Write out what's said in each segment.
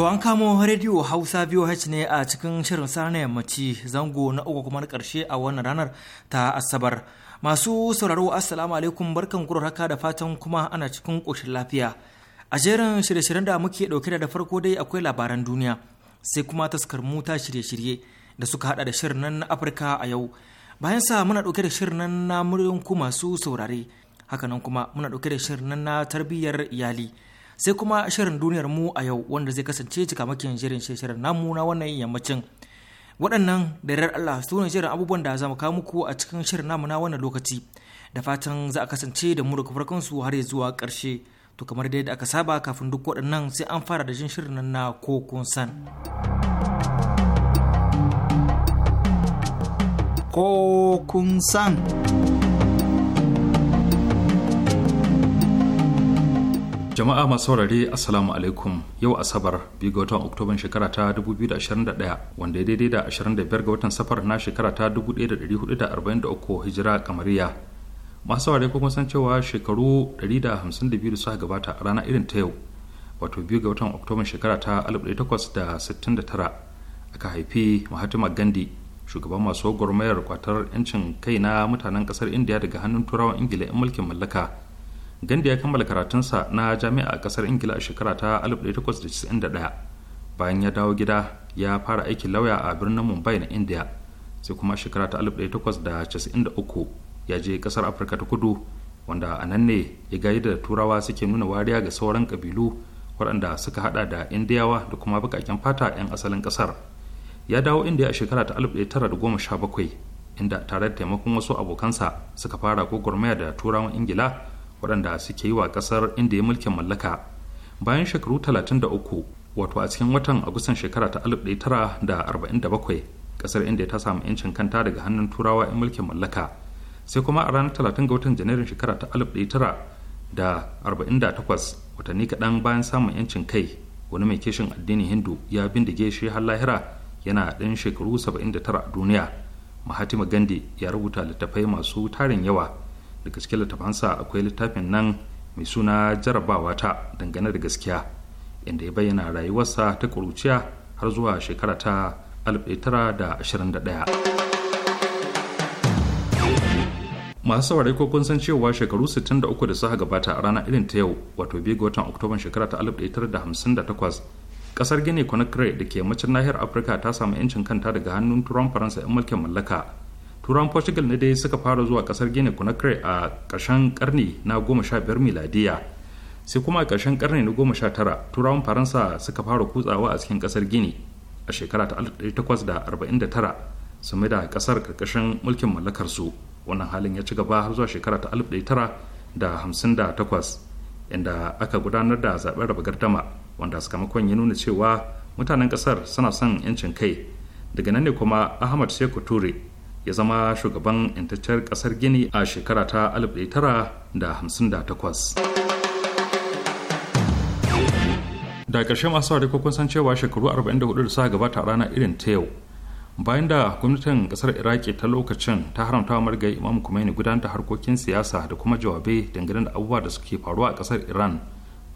To an kamo rediyo Hausa VOH ne a cikin shirin sana yammaci zango na uku kuma na ƙarshe a wannan ranar ta Asabar. Masu sauraro Assalamu alaikum barkan kuro haka da fatan kuma ana cikin ƙoshin lafiya. A jerin shirye-shiryen da muke ɗauke da farko dai akwai labaran duniya sai kuma taskar muta shirye-shirye da suka hada da shirin nan na Afirka a yau. Bayan sa muna ɗauke da shirin nan na muryoyin masu saurare. Hakanan kuma muna ɗauke da shirin nan na tarbiyyar iyali. sai kuma shirin duniyar mu a yau wanda zai kasance cikamakin shirin shirin namu na wannan yammacin waɗannan da yarar Allah su ne shirin abubuwan da za mu kawo muku a cikin shirin namu na wannan lokaci da fatan za a kasance da mu daga farkon su har zuwa ƙarshe to kamar dai da aka saba kafin duk waɗannan sai an fara da jin shirin nan na ko kun san ko kun san jama'a masu saurare assalamu alaikum yau asabar biyu ga watan oktoban shekara ta 2021 wanda ya daidai da 25 ga watan safar na shekara ta 1443 hijira kamariya masu saurare kuma san cewa shekaru 152 da suka gabata a rana irin ta yau wato biyu ga watan oktoban shekara ta 1869 aka haifi mahatma gandhi shugaban masu gwagwarmayar kwatar 'yancin kai na mutanen kasar india daga hannun turawan ingila 'yan mulkin mallaka gandi ya kammala karatunsa na jami'a a kasar ingila a shekara ta 1891 bayan ya dawo gida ya fara aikin lauya a birnin mumbai na india sai kuma shekara ta 1893 ya je kasar afirka ta kudu wanda a nan ne ya gayi da turawa suke nuna wariya ga sauran kabilu waɗanda suka hada da indiyawa da kuma bukakin fata 'yan asalin kasar ya dawo india a shekara ta 1917 inda tare da taimakon wasu abokansa suka fara gwagwarmaya da turawan ingila waɗanda suke yi wa ƙasar inda ya mulkin mallaka bayan shekaru 33 wato a cikin watan agusan shekara ta 1947 ƙasar inda ta samu 'yancin kanta daga hannun turawa 'yan mulkin mallaka sai kuma a ranar 30 ga watan janairun shekara ta 1948 watanni kaɗan bayan samun 'yancin kai wani mai kishin addinin hindu ya bindige shi har lahira yana ɗan shekaru 79 a duniya mahatima gandhi ya rubuta littattafai masu tarin yawa daga cikin littafansa akwai littafin nan mai suna jarabawa ta dangane da gaskiya inda ya bayyana rayuwarsa ta kuruciya har zuwa shekara ta 1921 masu saurari ko kun san cewa shekaru 63 da suka gabata a ranar irin ta yau wato biyu ga watan oktoban shekara ta 1958 kasar gini conakry da ke macin nahiyar afirka ta samu 'yancin kanta daga hannun turan faransa 'yan mulkin mallaka turan portugal ne dai suka fara zuwa kasar guinea conakry a ƙarshen karni na 15 miladiya sai kuma a ƙarshen karni na 19 turawan faransa suka fara kutsawa a cikin kasar guinea a shekara ta 1849 su mai da kasar ƙarƙashin mulkin mallakarsu wannan halin ya ci gaba har zuwa shekara ta 1958 inda aka gudanar da zaɓen raba gardama wanda sakamakon ya nuna cewa mutanen kasar suna son 'yancin kai daga nan ne kuma ahmad sai ture ya zama shugaban yantacciyar kasar gini a shekara ta 1958 da ƙarshe masu ko kun san cewa shekaru 44 da suka gabata a rana irin ta yau bayan da gwamnatin ƙasar iraki ta lokacin ta haramta wa margayi imam kumaini gudanar da harkokin siyasa da kuma jawabe dangane da abubuwa da suke faruwa a ƙasar iran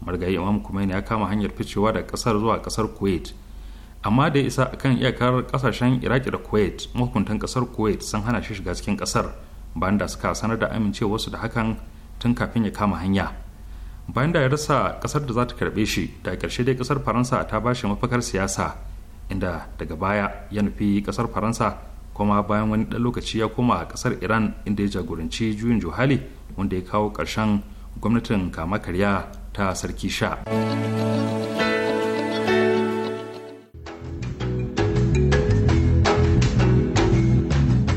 margayi imam kumaini ya kama hanyar ficewa da ƙasar zuwa ƙasar kuwait amma da ya isa akan iyakar kasashen iraki da kuwait mahukuntan kasar kuwait sun hana shi shiga cikin kasar bayan da suka sanar da amincewarsu da hakan tun kafin ya kama hanya bayan da ya rasa kasar da za ta karbe shi da karshe dai kasar faransa ta ba shi mafakar siyasa inda daga baya ya nufi kasar faransa kuma bayan wani ɗan lokaci ya koma a kasar iran inda ya jagoranci juyin juhali wanda ya kawo ƙarshen gwamnatin kama karya ta sarki sha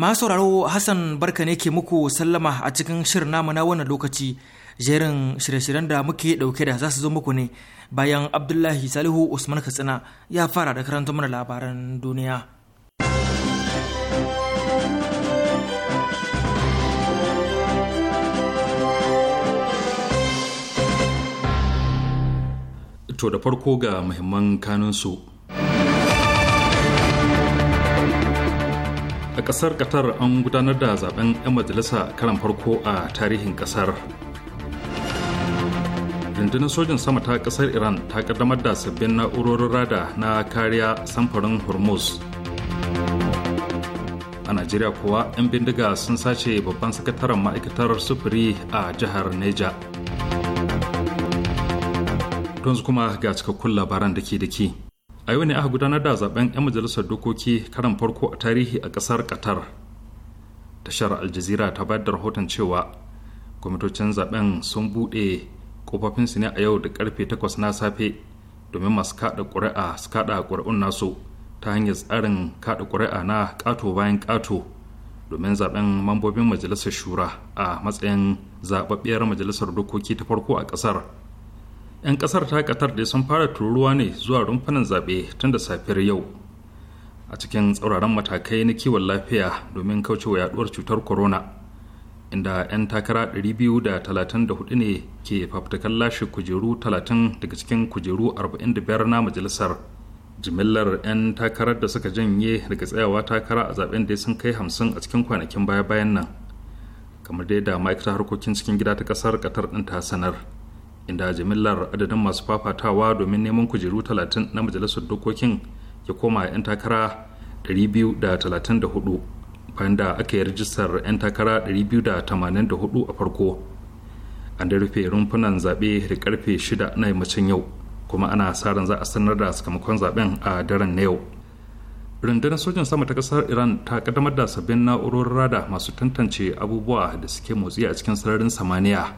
masu sauraro Hassan barka ne ke muku sallama a cikin shirin namu na wannan lokaci jerin shirye-shiryen da muke dauke da za su zo muku ne bayan Abdullahi Salihu Usman Katsina ya fara da karanta mana labaran duniya. To da farko ga muhimman kanunsu a ƙasar qatar an gudanar da zaben 'yan majalisa karan farko a tarihin ƙasar. rundunar sojin sama ta ƙasar iran ta ƙaddamar da sabbin na'urorin rada na kariya samfurin hormuz a najeriya kuwa 'yan bindiga sun sace babban sakataren ma'aikatar sufuri a jihar neja yanzu kuma ga cikakkun labaran da ke da ke a yau ne aka gudanar da zaben 'yan majalisar dokoki karan farko a tarihi a ƙasar qatar tashar aljazira ta bayar da rahoton cewa kwamitocin zaben sun buɗe kofofinsu ne a yau da karfe 8 na safe domin masu kada kuri'a su kada ƙuri'un nasu ta hanyar tsarin kada ƙuri'a na kato bayan ƙato domin zaben mambobin majalisar shura a matsayin zababbiyar majalisar dokoki ta farko a ƙasar 'yan kasar ta katar da sun fara tururuwa ne zuwa rumfanan zaɓe tun da safiyar yau a cikin tsauraran matakai na kiwon lafiya domin kaucewa yaduwar cutar corona inda 'yan takara 234 ne ke fafutukan lashe kujeru 30 daga cikin kujeru 45 na majalisar jimillar 'yan takarar da suka janye daga tsayawa takara a zaben da sun kai 50 a cikin kwanakin baya-bayan nan kamar dai da ma'aikatar harkokin cikin gida ta kasar katar ɗin ta sanar inda jimillar adadin masu fafatawa domin neman kujeru 30 na majalisar dokokin ya koma 'yan takara 234 bayan da aka yi rijistar 'yan takara 284 a farko an da rufe rumfunan zaɓe da karfe 6 na yammacin yau kuma ana sa ran za a sanar da sakamakon zaben a daren na yau rundunar sojin sama ta kasar iran ta kaddamar da sabbin na'urorin rada masu tantance abubuwa da suke motsi a cikin sararin samaniya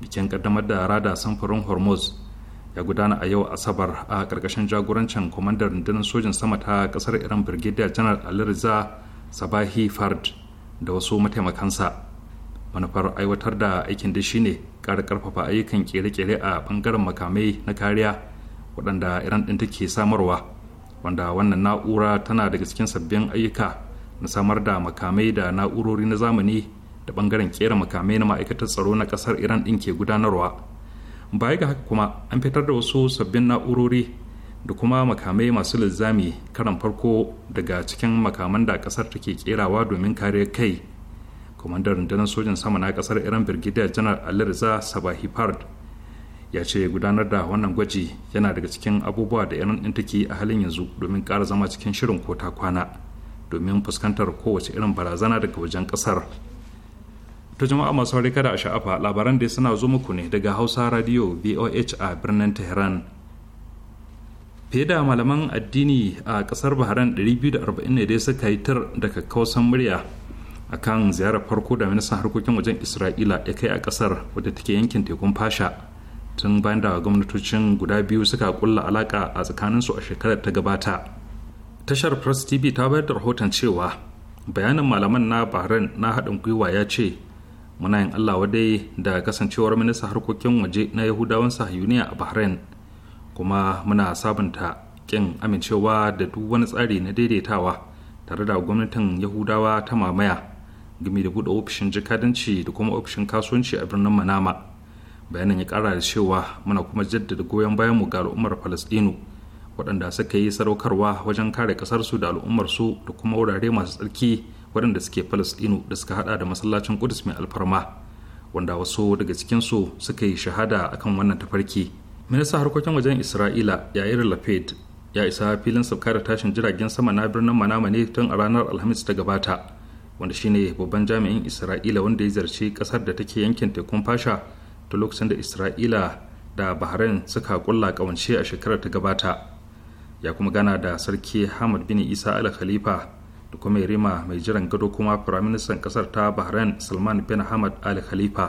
bikin kaddamar da rada samfurin hormuz ya gudana a yau asabar a karkashin jagorancin kwamandar rundunar sojin sama ta kasar iran brigadier janar alirza sabahi fard da wasu mataimakansa manufar aiwatar da aikin da ne ƙara karfafa ayyukan kere-kere a bangaren makamai na kariya waɗanda iran ɗin take samarwa wanda wannan na'ura tana daga cikin sabbin ayyuka na samar da makamai da na'urori na zamani da bangaren kera makamai na ma'aikatar tsaro na kasar iran din ke gudanarwa baya ga haka kuma an fitar da wasu sabbin na'urori da kuma makamai masu linzami karan farko daga cikin makaman da kasar take kerawa domin kare kai kwamandar rundunar sojan sama na kasar iran birgidiyar janar alirza sabahi fard ya ce gudanar da wannan gwaji yana daga cikin abubuwa da iran din take a halin yanzu domin kara zama cikin shirin ko ta kwana domin fuskantar kowace irin barazana daga wajen ƙasar To jama'a masu kada a sha'afa labaran da suna zo muku ne daga hausa radio voh a birnin tehran fiye da malaman addini a kasar bahrain arba'in ne dai suka yi tar da kakkausan murya a kan ziyarar farko da ministan harkokin wajen isra'ila ya kai a kasar wadda take yankin tekun fasha tun bayan da gwamnatocin guda biyu suka kulla alaka a tsakaninsu a shekarar ta gabata tashar press tv ta bayar da rahoton cewa bayanin malaman na bahrain na haɗin gwiwa ya ce muna yin allah wadai da kasancewar minista harkokin waje na yahudawan sahiyuniya a bahrain kuma muna sabunta kin amincewa da duk wani tsari na daidaitawa tare da gwamnatin yahudawa ta mamaya gami da buɗe ofishin jikadanci da kuma ofishin kasuwanci a birnin manama bayanin ya kara da cewa muna kuma jaddada goyon bayan mu ga al'ummar falastinu waɗanda suka yi sadaukarwa wajen kare ƙasarsu da al'ummarsu da kuma wurare masu tsarki waɗanda suke falastinu da suka hada da masallacin kudus mai alfarma wanda wasu daga cikinsu suka yi shahada akan wannan tafarki minista harkokin wajen isra'ila yair lapid ya isa filin sabka da tashin jiragen sama na birnin manama ne tun a ranar alhamis ta gabata wanda shine babban jami'in isra'ila wanda ya zarce kasar da take yankin tekun fasha ta lokacin da isra'ila da bahrain suka kulla kawance a shekarar ta gabata ya kuma gana da sarki hamad bin isa al khalifa da kuma yarima mai jiran gado kuma firaministan kasar ta bahrain salman bin hamad al khalifa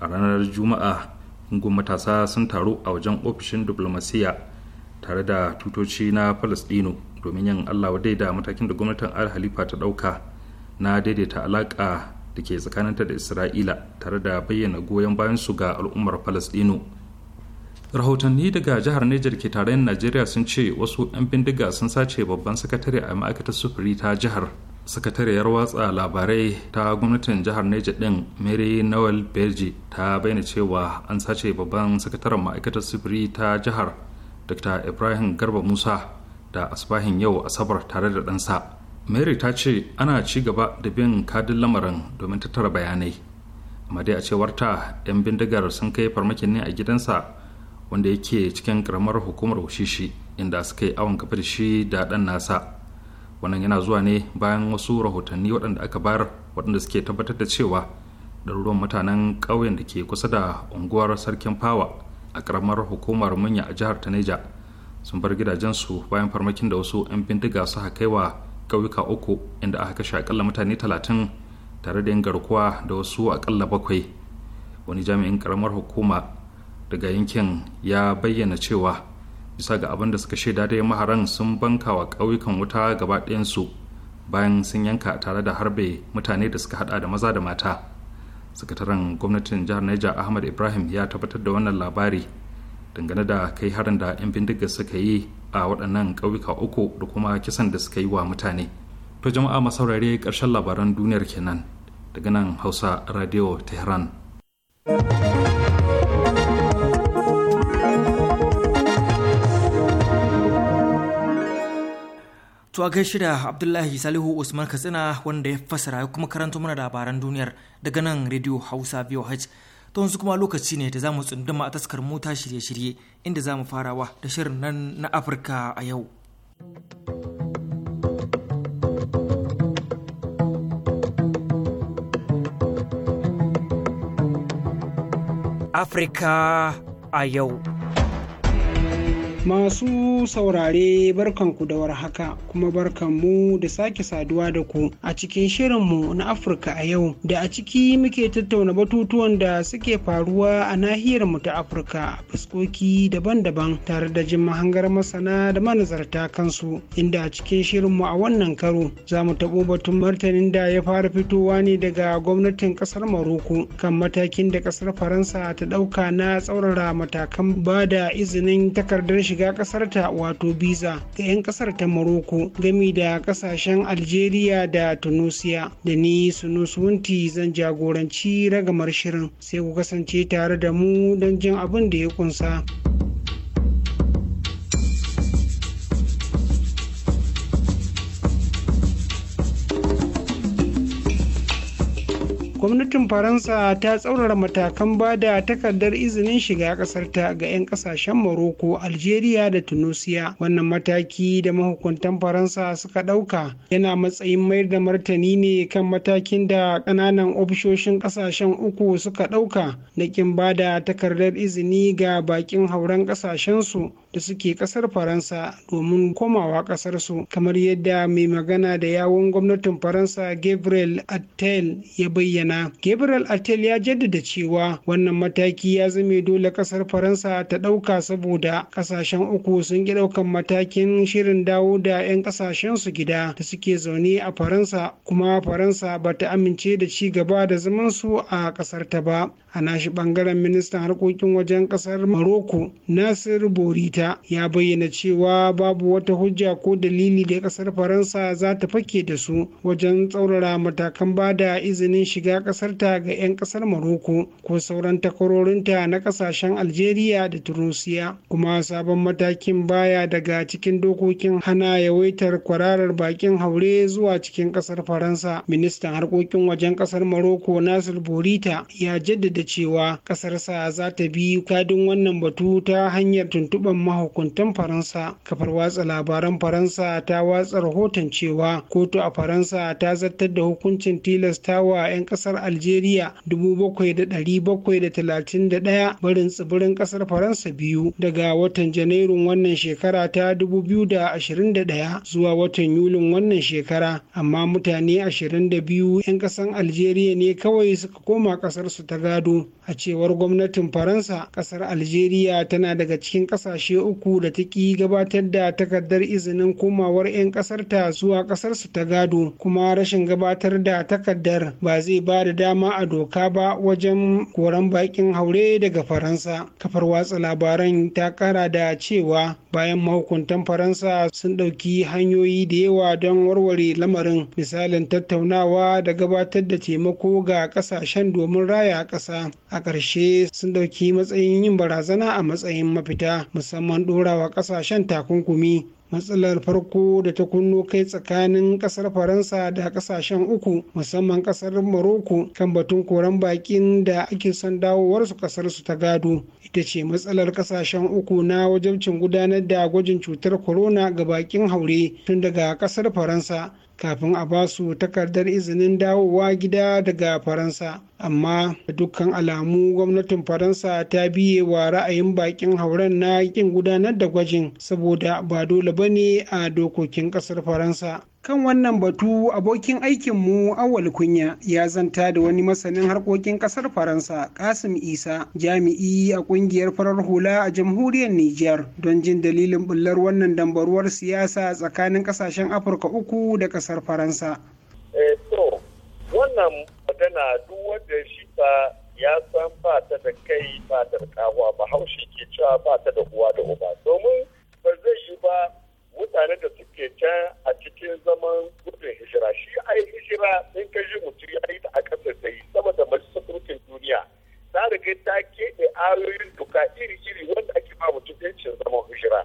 a ranar juma'a gungun matasa sun taru a wajen ofishin diplomasiya tare da tutoci na palestino domin yin allah wadai da matakin da gwamnatin al khalifa ta dauka na daidaita alaka da ke tsakaninta da isra'ila tare da bayyana goyon bayan su ga al'ummar palestino rahotanni daga jihar niger ke tarayyar najeriya sun ce wasu 'yan bindiga sun sace babban sakatare a ma'aikatar sufuri ta jihar sakatariyar watsa labarai ta gwamnatin jihar Nijar din mary noel Berge ta bayyana cewa an sace babban sakataren ma'aikatar sufuri ta jihar dr ibrahim garba musa da asbahin yau asabar tare da ɗansa mary ta ce ana ci gaba da bin kadin lamarin domin tattara bayanai amma dai a cewar ta 'yan bindigar sun kai farmakin ne a gidansa wanda yake cikin karamar hukumar wushishi inda suka yi awon kafa da shi da ɗan nasa wannan yana zuwa ne bayan wasu rahotanni waɗanda aka bayar waɗanda suke tabbatar da cewa ɗaruruwan mutanen ƙauyen da ke kusa da unguwar sarkin fawa a karamar hukumar munya a jihar taneja sun bar gidajensu bayan farmakin da wasu 'yan bindiga su kai wa ƙauyuka uku inda aka kashe akalla mutane talatin tare da yin garkuwa da wasu akalla bakwai wani jami'in karamar hukuma daga yankin ya bayyana cewa bisa ga abin da suka shaida dai maharan sun banka wa ƙauyukan wuta gaba ɗayansu bayan sun yanka tare da harbe mutane da suka hada da maza da mata sakataren gwamnatin jihar niger ahmad ibrahim ya tabbatar da wannan labari dangane da kai harin da 'yan bindiga suka yi a waɗannan ƙauyuka uku da kuma kisan da suka yi wa mutane to jama'a masaurare ƙarshen labaran duniyar kenan daga nan hausa radio tehran thank you To a gaishe da Abdullahi Salihu Usman Katsina wanda ya fassara ya kuma karanta mana labaran duniyar daga nan Radio Hausa VOH. To yanzu kuma lokaci ne da zamu tsunduma a taskar mota shirye-shirye inda zamu farawa da shirin nan na Afirka a yau. Afirka a yau. Masu saurare barkanku da warhaka kuma barkanmu da sake saduwa da ku a cikin shirinmu na Afirka a yau da a ciki muke tattauna batutuwan da suke faruwa a nahiyar mu ta Afirka a fuskoki daban-daban tare da jin mahangar masana da manazarta kansu inda a cikin shirinmu a wannan karo za mu taɓo batun martanin da ya fara fitowa ne daga gwamnatin ƙasar Maroko kan matakin da ƙasar Faransa ta ɗauka na tsaurara matakan ba da izinin takardar shiga shiga ƙasarta wato biza ga 'yan kasar ta maroko gami da kasashen algeria da tunisia da ni sunusunti zan jagoranci ragamar shirin sai ku kasance tare da mu don jin abin da ya kunsa. gwamnatin faransa ta tsaurara matakan ba da takardar izinin shiga ƙasarta ga 'yan ƙasashen morocco algeria da tunisia wannan mataki da mahukuntan faransa suka ɗauka yana matsayin mayar da martani ne kan matakin da ƙananan ofishoshin ƙasashen uku suka ɗauka na kin ba da takardar izini ga baƙin hauren su. da suke kasar faransa domin komawa kasarsu kamar yadda mai magana da yawon gwamnatin faransa gabriel attel ya bayyana gabriel attel ya jaddada cewa wannan mataki ya zame dole kasar faransa ta dauka saboda kasashen uku sun ki daukan matakin shirin dawo da 'yan kasashen su gida da suke zaune a faransa kuma faransa ba ta amince da ci gaba da zaman su a kasar ta ba a nashi bangaren ministan harkokin wajen kasar maroko nasir borita ya bayyana cewa babu wata hujja ko dalili da kasar faransa za ta fake da su wajen tsaurara matakan bada izinin shiga kasarta ga 'yan kasar maroko ko sauran takwarorinta na kasashen algeria da turusiya kuma sabon matakin baya daga cikin dokokin hana yawaitar kwararar bakin haure zuwa cikin kasar faransa ministan harkokin wajen kasar maroko nasir borita ya jaddada cewa ƙasarsa za ta bi kadin wannan batu ta hanyar tuntuɓar mahukuntan faransa kafar watsa labaran faransa ta watsa rahoton cewa kotu a faransa ta zartar da hukuncin tilastawa 'yan ƙasar algeria 7,731 barin tsibirin ƙasar faransa biyu daga watan janairun wannan shekara ta 2021 zuwa watan yulin wannan shekara amma mutane 22 'yan ƙasar algeria ne kawai suka koma ƙasarsu ta gado a cewar gwamnatin faransa kasar algeria tana daga cikin kasashe uku da ta ki gabatar da takardar izinin komawar 'yan kasarta zuwa kasarsu ta gado kuma rashin gabatar da takardar ba zai ba da dama a doka ba wajen koran bakin haure daga faransa kafar watsa labaran ta kara da cewa bayan mahukuntan faransa sun ɗauki hanyoyi da yawa don warware lamarin misalin tattaunawa da gabatar da taimako ga kasashen domin raya ƙasa a ƙarshe sun ɗauki matsayin yin barazana a matsayin mafita musamman ɗorawa ƙasashen takunkumi matsalar farko da ta kunno kai tsakanin ƙasar faransa da ƙasashen uku musamman ƙasar maroko kan batun koren bakin da ake son dawowarsu kasar su ta gado ita ce matsalar ƙasashen uku na wajabcin gudanar da gwajin cutar corona ga bakin haure tun daga ƙasar faransa kafin a ba su takardar izinin dawowa gida daga faransa amma da dukkan alamu gwamnatin faransa ta biye wa ra'ayin bakin hauren na kin gudanar da gwajin saboda ba dole ba ne a dokokin kasar faransa kan wannan batu abokin aikinmu awal kunya ya zanta da wani masanin harkokin kasar faransa kasim isa jami'i a kungiyar farar hula a jamhuriyar niger don jin dalilin bullar wannan dambaruwar siyasa tsakanin kasashen afirka uku da kasar faransa So eh, wannan magana duk wanda shi ba ya san ba ta da kai ba da kawa ba haushe ke cewa ba ta da uwa da uba domin ba zai yi ba mutanen da suke can a cikin zaman gudun hijira shi a yi hijira in ka ji mutum ya yi ta a sassa da yi saboda masu mulkin duniya ta riga ta keɓe ayoyin duka iri-iri wanda ake ba mutum yancin zaman hijira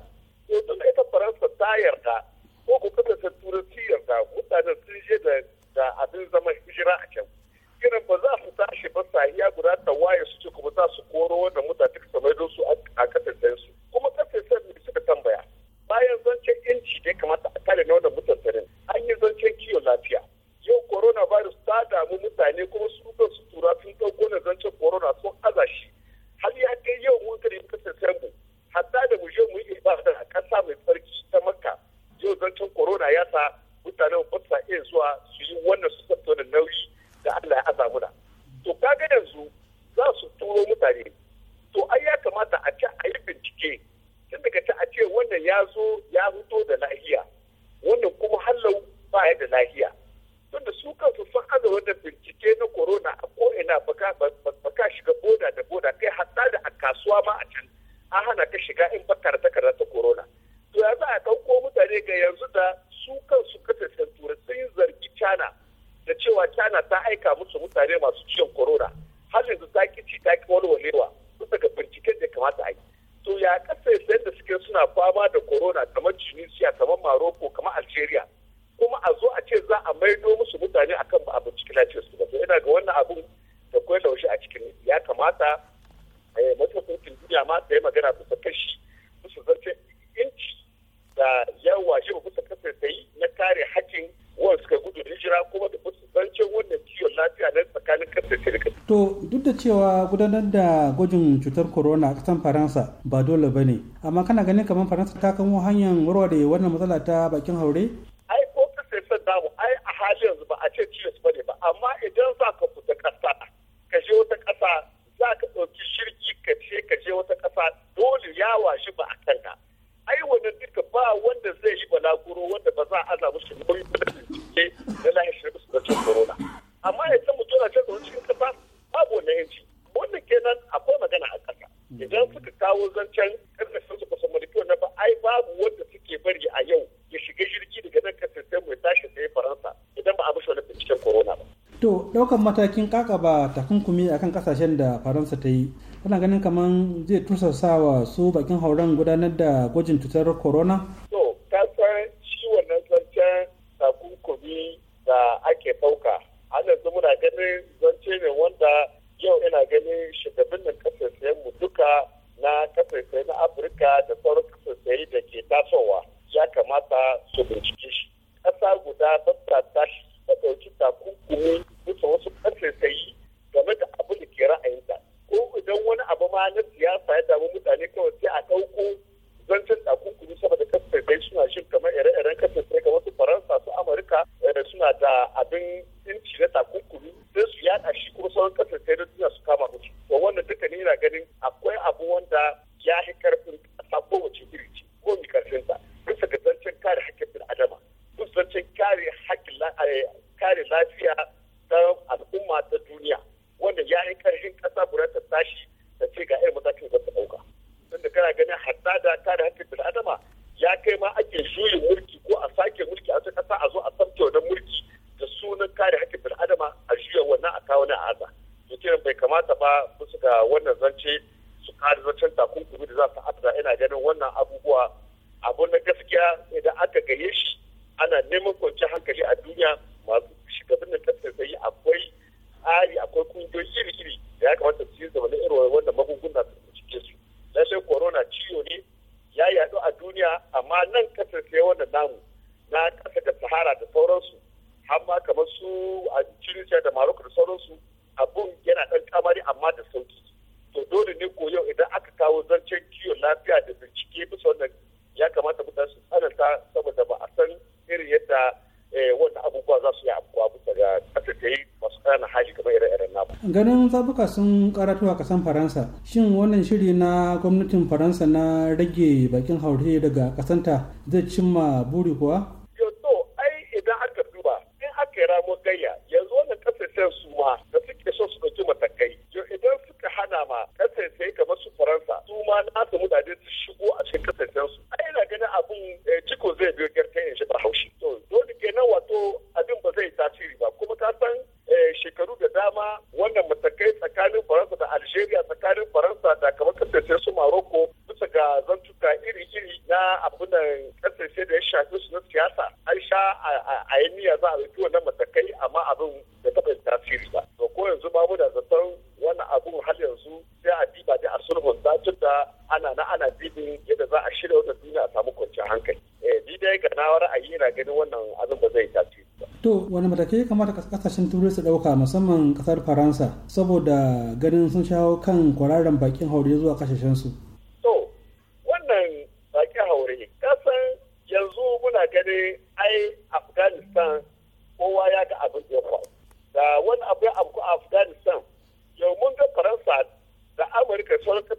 gudanar da gwajin cutar corona a kasan faransa ba dole ba ne amma kana ganin kamar faransa ta kamo hanyar warware wannan matsala ta bakin haure ɗaukan matakin kakaba takunkumi akan kasashen da faransa ta yi tana ganin kamar zai tursasa wa su bakin hauren gudanar da gwajin cutar corona guda ina ganin wannan abubuwa abu na gaskiya idan aka gaye shi ana neman kwanci hankali a duniya masu da ta sai akwai tsari akwai kungiyoyi iri-iri da ya kamata su yi zama na irin wannan magunguna su cike su sai corona ciwo ne ya yadu a duniya amma nan kasar sai wannan namu na kasa da sahara da sauransu har ma kamar su a tunisia da maroko da sauransu abun yana dan kamari amma da sauki to dole ne ko yau idan aka kawo zancen kiwon lafiya da bincike bisa wannan ya kamata mutane su tsananta saboda ba a san irin yadda eh, wata abubuwa za su yi abubuwa bisa ga ƙasa ta yi masu ƙananan hali kamar irin irin na ganin zabuka sun karatu a kasan faransa shin wannan shiri na gwamnatin faransa na rage bakin haure daga kasanta zai cimma buri kuwa. yanzu idan aka duba in aka yi yanzu wannan kasashen su ma da suke so su ɗauki matakai hana ma kasance kamar su faransa su ma na mutane su shigo a cikin kasancen su ai ina ganin abin eh, ciko zai biyo gyartan shi ba haushi to dole kenan wato abin ba zai tasiri ba kuma ka san eh, shekaru da dama wannan matakai tsakanin faransa da algeria tsakanin faransa da kamar kasance su maroko bisa ga zantuka iri-iri na abunan kasance da ya shafi su na siyasa an sha a yi niyya za a ɗauki wannan matakai amma abin da taɓa tasiri ba to ko yanzu babu da zaton wannan abun har yanzu sai a diba dai a sulhun da tun ana na ana dibin yadda za a shirya wannan duniya a samu kwanciyar hankali eh ni dai ga na ra'ayi na ganin wannan abin ba zai tafi ba to wani matakai ya kamata kasashen turai su dauka musamman kasar faransa saboda ganin sun shawo kan kwararren bakin haure zuwa kasashen su to wannan bakin haure kasan yanzu muna gani ai afghanistan kowa ya ga abin da ya faru da wani abu ya that's one of the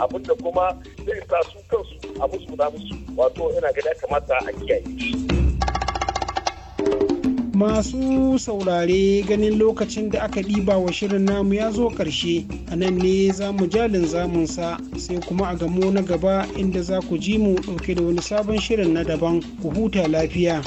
abin kuma zai sa su kansu a musu da musu wato ina ga ya kamata a kiyaye masu saurare ganin lokacin da aka ɗiba wa shirin namu ya zo ƙarshe a nan ne za mu jalin zamunsa sai kuma a gamo na gaba inda za ku ji mu ɗauke da wani sabon shirin na daban ku huta lafiya.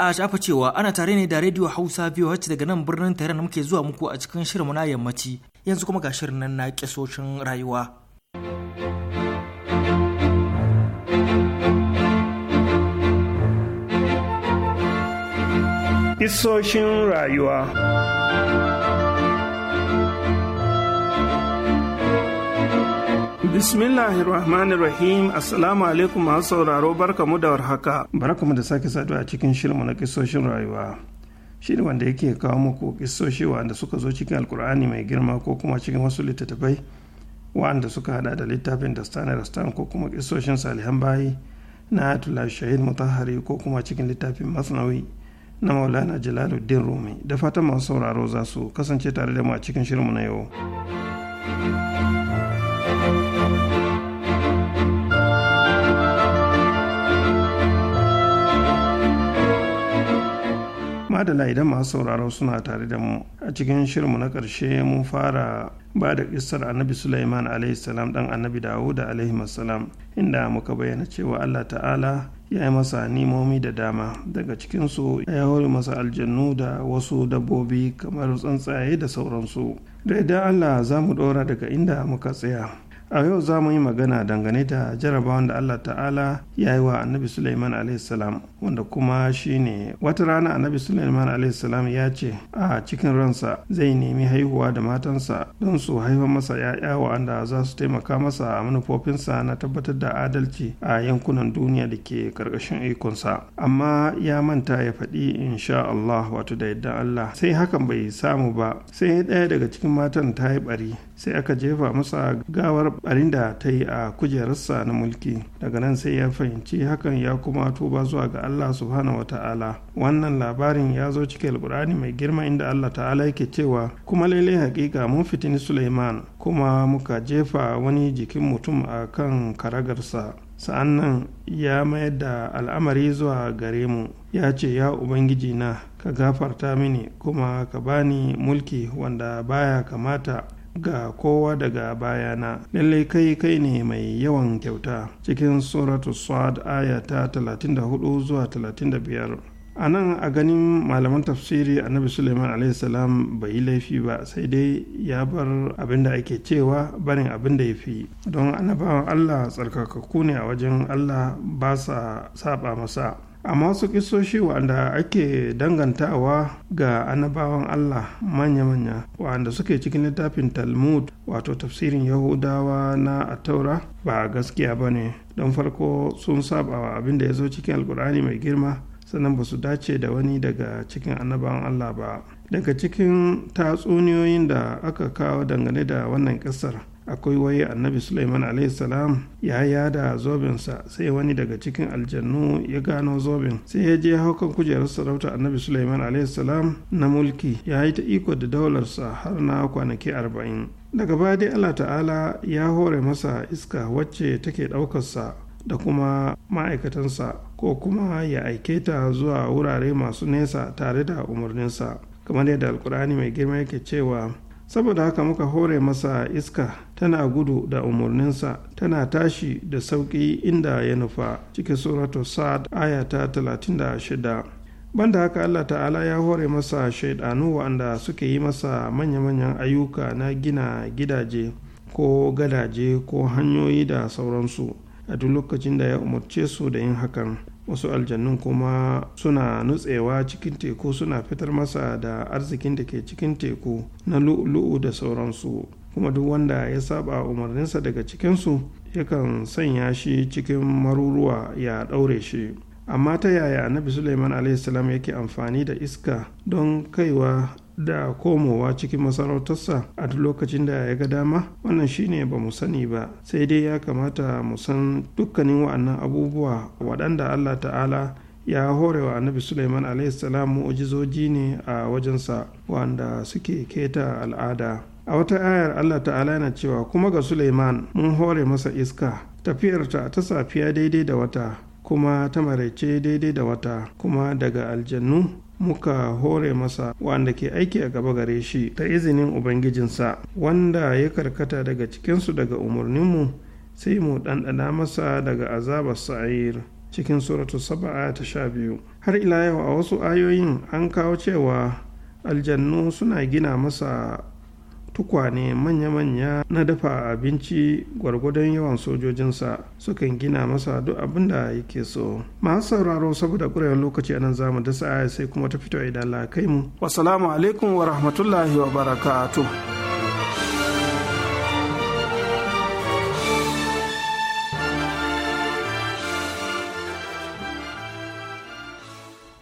a shafa cewa ana tare ne da Radio Hausa biyu wacce daga nan birnin tare da muke zuwa muku a cikin shirin na yammaci yanzu kuma ga shirin nan na kisoshin rayuwa. Kisoshin rayuwa Bismillahirrahmanirrahim Assalamu alaikum masu sauraro barkamu da warhaka. Barkamu da sake saduwa a cikin shirinmu na kisoshin rayuwa. Shirin wanda yake kawo muku kisoshi wanda suka zo cikin alkur'ani mai girma ko kuma cikin wasu littattafai wanda suka hada da littafin da stanley rastan ko kuma kisoshin salihan bayi na Atula Shahid Mutahari ko kuma cikin littafin Masnawi na Maulana Jalaluddin Rumi da fatan masu sauraro za su kasance tare da mu a cikin shirinmu na yau. madala idan masu sauraro suna tare da mu a cikin shirinmu na ƙarshe mun fara ba da ƙisar annabi Sulaiman salam ɗan annabi Dawuda salam inda muka bayyana cewa Allah ta'ala ya yi masa nimomi da dama daga cikinsu ya hori masa aljannu da wasu dabbobi kamar tsuntsaye da sauransu da idan allah za mu ɗora daga inda muka tsaya a yau za mu yi magana dangane da jarabawan da Allah ta'ala ya yi wa annabi Sulaiman salam wanda kuma shine wata rana annabi Sulaiman salam ya ce a cikin ransa zai nemi haihuwa da matansa don su haifa masa ‘ya'ya wa'anda za su taimaka masa a manufofinsa na tabbatar da adalci a yankunan duniya da ke ƙarƙashin ikonsa amma ya manta ya faɗi insha Allah wato da yadda Allah sai hakan bai samu ba sai ɗaya daga cikin matan ta yi ɓari sai aka jefa masa gawar barin da ta yi a kujerarsa na mulki daga nan sai ya fahimci hakan ya kuma tuba zuwa ga Allah subhanahu ta'ala wannan labarin ya zo cikin alburani mai girma inda Allah ta'ala yake cewa kuma lailai hakika mun fitini Suleiman. kuma muka jefa wani jikin mutum a kan karagarsa sa'an nan ya mayar da al'amari zuwa gare mu ya ce ya ubangiji na ka gafarta mini kuma ka bani mulki wanda baya kamata ga kowa daga bayana lallai kai kai ne mai yawan kyauta cikin suratu swad aya ta 34 zuwa 35 a nan a ganin malaman tafsiri annabi suleiman salam bai yi laifi ba sai dai ya bar abin da ake cewa barin abin da ya fi don annabawan allah tsarkakakku ne a wajen allah ba sa saba masa amma wasu kisoshi wanda ake dangantawa ga annabawan Allah manya-manya wanda suke cikin littafin Talmud wato tafsirin Yahudawa na Ataura ba gaskiya ba ne don farko sun saba wa abin da ya zo cikin alkur'ani mai girma sannan ba su dace da wani daga cikin annabawan Allah ba daga cikin tatsuniyoyin da aka kawo dangane da wannan ƙasar akwai wai annabi suleiman alaihissalam ya yada zobensa sai wani daga cikin aljannu ya gano zoben sai ya je haukan kujerar sarauta annabi suleiman alaihissalam na mulki ya yi ta iko da daularsa har na kwanaki arba'in daga baya dai allah ta'ala ya hore masa iska wacce take ɗaukarsa da kuma ma'aikatansa ko kuma ya aike ta zuwa wurare masu nesa tare da umarninsa kamar yadda alkur'ani mai girma yake cewa saboda haka muka hore masa iska tana gudu da umarninsa tana tashi da sauƙi inda ya nufa cikin suratu sa'ad aya ta 36 banda haka allah ta'ala ya hore masa shaidanu wa'anda suke yi masa manya-manyan ayyuka na gina gidaje ko gadaje ko hanyoyi da sauransu a duk lokacin da ya umarce su da yin hakan wasu aljannun kuma suna nutsewa cikin teku suna fitar masa da arzikin da ke cikin teku na lu'ulu'u da sauransu kuma duk wanda ya saba umarninsa daga cikinsu yakan sanya shi cikin maruruwa ya ɗaure shi amma ta yaya annabi suleiman a.s. yake amfani da iska don kaiwa da komowa cikin masarautarsa a duk lokacin da ya ga dama wannan shine ba mu sani ba sai dai ya kamata mu san dukkanin wa'annan abubuwa waɗanda allah ta'ala ya hore wa annabi suleiman alaihissalam mu'ujizoji ne a wajensa wanda suke keta al'ada a wata ayar allah ta'ala yana cewa kuma ga suleiman mun hore masa iska tafiyarta ta safiya daidai da wata kuma ta maraice daidai da wata kuma daga aljannu muka hore masa wanda ke aiki a gaba gare shi ta izinin ubangijinsa wanda ya karkata daga cikinsu daga umarninmu sai mu ɗanɗana masa daga azabar sa'ir cikin suratu saba'a ta sha biyu har ila yau a wasu ayoyin an kawo cewa aljannu suna gina masa tukwane manya-manya na dafa abinci gwargwadon yawan sojojinsa sukan gina masa duk abin da yake so masu sauraro saboda ƙurewar lokaci anan za mu dasa sai kuma ta fito idan la kai mu wasalamu alaikum wa rahmatullahi wa barakatu.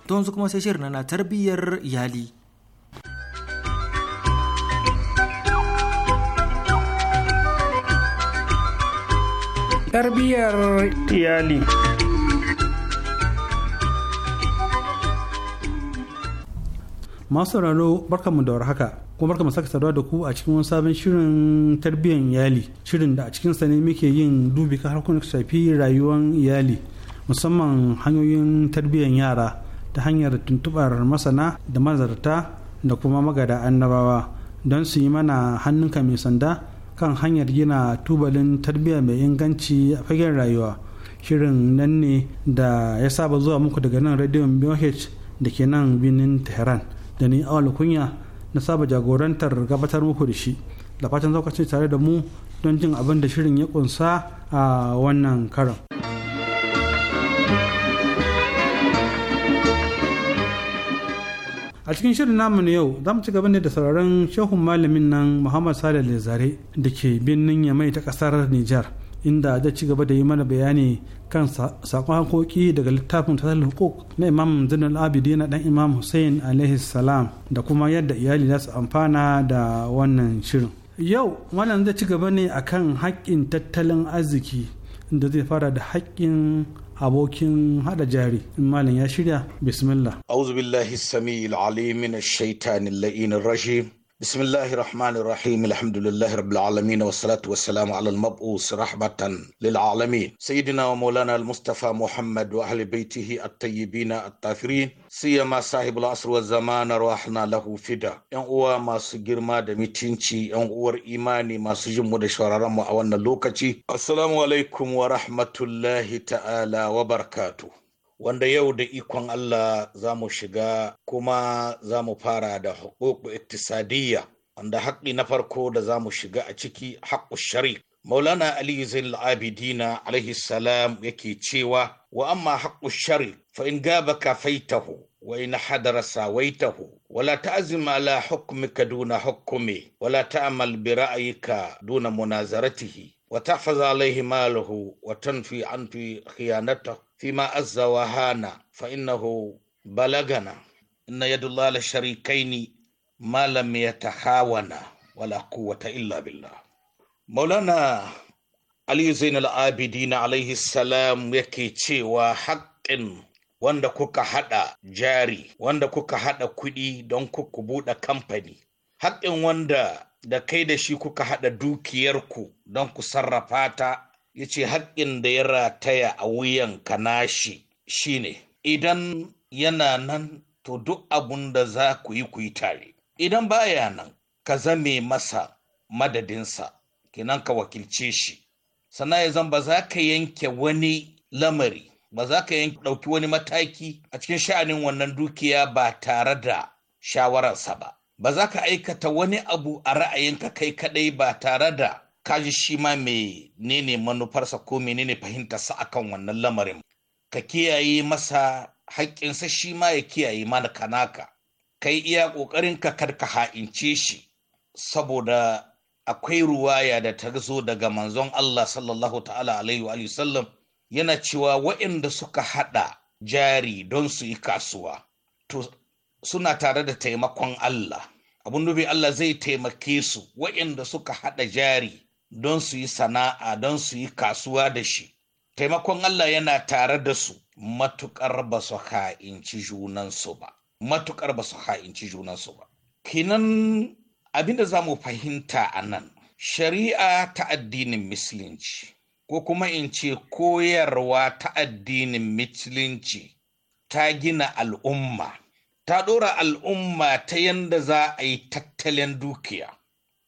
don su kuma sai shirin na tarbiyyar iyali tarbiyyar iyali masu barka mu da haka kuma barka mu saka saduwa da ku a cikin wani sabon shirin tarbiyyar iyali shirin da a cikin sa ne muke yin dubi ka harkokin shafi rayuwar iyali musamman hanyoyin tarbiyyar yara ta hanyar tuntubar masana da mazarta da kuma magada annabawa don su yi mana hannunka mai sanda kan hanyar gina tubalin tarbiyya mai inganci a fagen rayuwa shirin nan ne da ya saba zuwa muku daga nan rediyon BOH da ke nan binin Tehran da ni awal kunya na saba jagorantar gabatar muku da shi da fatan zaukacin tare da mu don jin abin da shirin ya kunsa a wannan karan. a cikin shirin namu na yau za mu ci gaba ne da sauraron shehun malamin nan muhammad salih lezare da ke birnin yamai ta kasar nijar inda zai ci gaba da yi mana bayani kan sakon hakoki daga littafin tasar hukuk na imam zinul abidi na dan imam hussein alaihi salam da kuma yadda iyali za su amfana da wannan shirin yau wannan zai ci gaba ne akan haƙƙin tattalin arziki da zai fara da haƙƙin abokin hada jari in malam ya shirya bismillah a'uzubillahi billahi samil alim min rashim بسم الله الرحمن الرحيم الحمد لله رب العالمين والصلاة والسلام على المبعوث رحمة للعالمين سيدنا ومولانا المصطفى محمد وأهل بيته الطيبين الطاهرين سيما صاحب العصر والزمان روحنا له فدا yan uwa masu girma da mitinci yan uwar imani masu jin mu da shwararren mu a wannan lokaci assalamu alaikum wa rahmatullahi ta'ala wa barakatuh wanda yau da ikon Allah za mu shiga kuma za mu fara da hukuku iktisadiyya wanda haƙƙi na farko da za mu shiga a ciki haƙƙu shari. Maulana Ali Zain Abidina alaihi salam yake cewa wa amma haƙƙu shari fa in gaba ka faitahu wa in hadara sawaitahu wala ta'zim ala hukmika duna hukmi wala ta'mal bi ra'yika duna munazaratihi wa tahfaz alaihi malahu wa tanfi anfi khiyanatahu fima azza hana fa ina ho balagana na yadda lalata sharikai ni malam ya ta hawana wala kowata illa billa. maulana aliyu zainu Abidina na alaihi ya ke cewa haƙƙin wanda kuka haɗa jari wanda kuka haɗa kuɗi don kuku buɗe kamfani haƙƙin wanda da kai da shi kuka haɗa dukiyarku don ku sarrafata. ya ce haƙƙin da ya rataya a wuyan kanashi shine idan yana nan to duk abun da za ku yi ku yi tare idan baya nan ka zame masa madadinsa kenan ka wakilce shi sannan ya zan ba za ka yanke wani lamari ba za ka ɗauki wani mataki a cikin sha'anin wannan dukiya ba tare da shawararsa ba ba za ka aikata wani abu a ra'ayinka kai kaɗai ba tare da kaji shi ma nene manufarsa ko mai menene fahimtarsa akan wannan lamarin ka kiyaye masa haƙƙinsa shi ma ya kiyaye mana kanaka kai iya ƙoƙarinka kar ka ha'ince shi saboda akwai ruwaya da ta zo daga manzon Allah sallallahu ta'ala alaihi wa sallam yana cewa waɗanda suka haɗa jari don su yi kasuwa to suna tare da taimakon Allah abun nufi Allah zai taimake su waɗanda suka haɗa jari don su yi sana'a don su yi kasuwa da shi taimakon Allah yana tare da su matuƙar ba su ha'inci junansu ba matukar ba su ha'inci junansu ba kinan abinda za mu fahimta a nan shari'a ta addinin musulunci ko kuma in ce koyarwa ta addinin musulunci ta gina al'umma ta ɗora al'umma ta yanda za a yi tattalin dukiya